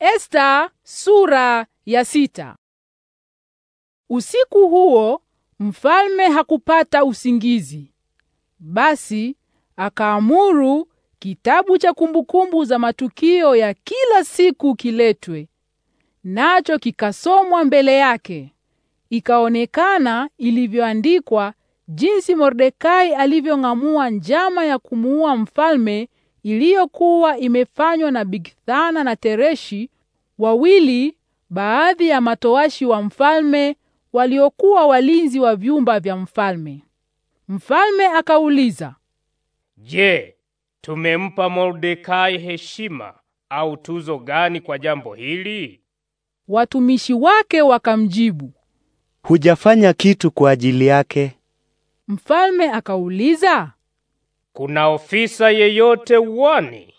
Esta sura ya sita. Usiku huo mfalme hakupata usingizi. Basi akaamuru kitabu cha kumbukumbu za matukio ya kila siku kiletwe. Nacho kikasomwa mbele yake. Ikaonekana ilivyoandikwa jinsi Mordekai alivyong'amua njama ya kumuua mfalme iliyokuwa imefanywa na Bigthana na Tereshi, wawili baadhi ya matoashi wa mfalme waliokuwa walinzi wa vyumba vya mfalme. Mfalme akauliza, "Je, tumempa Mordekai heshima au tuzo gani kwa jambo hili?" Watumishi wake wakamjibu, "Hujafanya kitu kwa ajili yake." Mfalme akauliza, kuna ofisa yeyote uwani?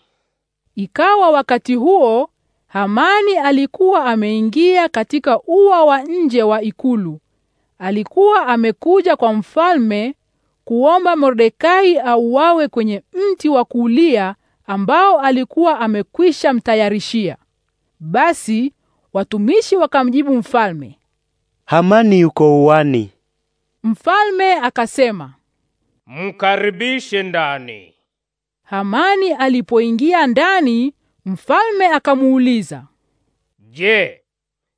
Ikawa wakati huo Hamani alikuwa ameingia katika ua wa nje wa ikulu. Alikuwa amekuja kwa mfalme kuomba Mordekai auawe kwenye mti wa kulia ambao alikuwa amekwisha mtayarishia. Basi watumishi wakamjibu mfalme, Hamani yuko uwani. Mfalme akasema, mkaribishe ndani. Hamani alipoingia ndani, mfalme akamuuliza, Je,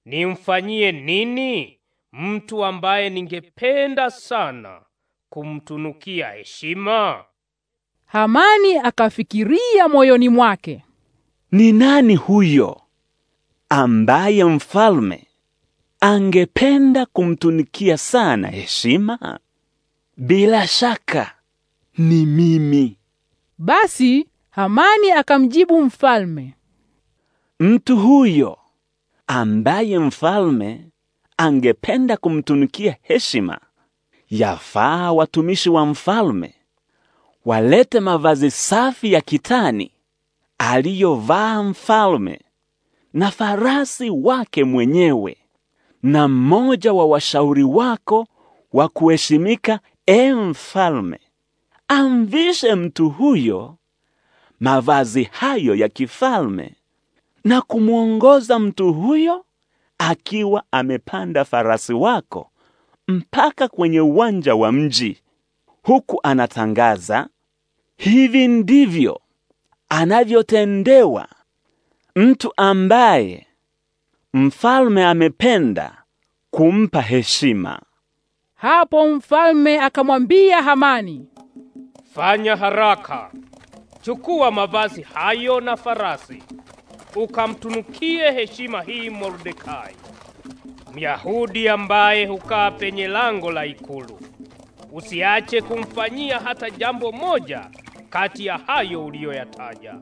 nimfanyie nini mtu ambaye ningependa sana kumtunukia heshima? Hamani akafikiria moyoni mwake, ni nani huyo ambaye mfalme angependa kumtunikia sana heshima? bila shaka ni mimi. Basi Hamani akamjibu mfalme, mtu huyo ambaye mfalme angependa kumtunukia heshima, yafaa watumishi wa mfalme walete mavazi safi ya kitani aliyovaa mfalme na farasi wake mwenyewe na mmoja wa washauri wako wa kuheshimika E mfalme, amvishe mtu huyo mavazi hayo ya kifalme na kumwongoza mtu huyo akiwa amepanda farasi wako mpaka kwenye uwanja wa mji, huku anatangaza, hivi ndivyo anavyotendewa mtu ambaye mfalme amependa kumpa heshima. Hapo mfalme akamwambia Hamani, fanya haraka, chukua mavazi hayo na farasi, ukamtunukie heshima hii Mordekai, Myahudi ambaye hukaa penye lango la ikulu. Usiache kumfanyia hata jambo moja kati ya hayo uliyoyataja.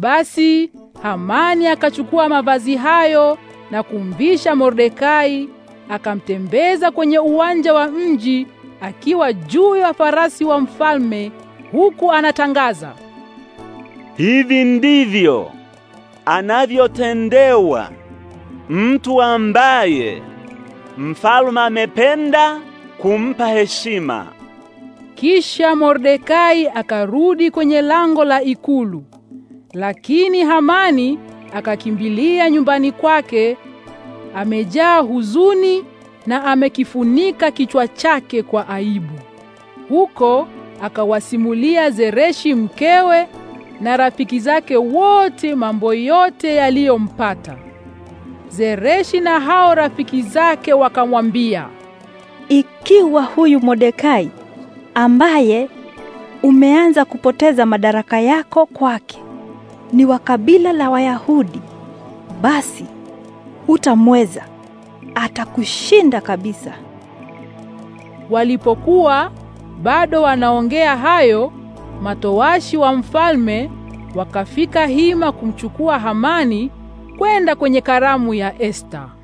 Basi Hamani akachukua mavazi hayo na kumvisha Mordekai akamtembeza kwenye uwanja wa mji akiwa juu ya farasi wa mfalme, huku anatangaza, hivi ndivyo anavyotendewa mtu ambaye mfalme amependa kumpa heshima. Kisha Mordekai akarudi kwenye lango la ikulu, lakini Hamani akakimbilia nyumbani kwake amejaa huzuni na amekifunika kichwa chake kwa aibu. Huko akawasimulia Zereshi mkewe na rafiki zake wote mambo yote yaliyompata. Zereshi na hao rafiki zake wakamwambia, ikiwa huyu Mordekai ambaye umeanza kupoteza madaraka yako kwake ni wa kabila la Wayahudi, basi hutamweza, atakushinda kabisa. Walipokuwa bado wanaongea hayo, matowashi wa mfalme wakafika hima kumchukua Hamani kwenda kwenye karamu ya Esta.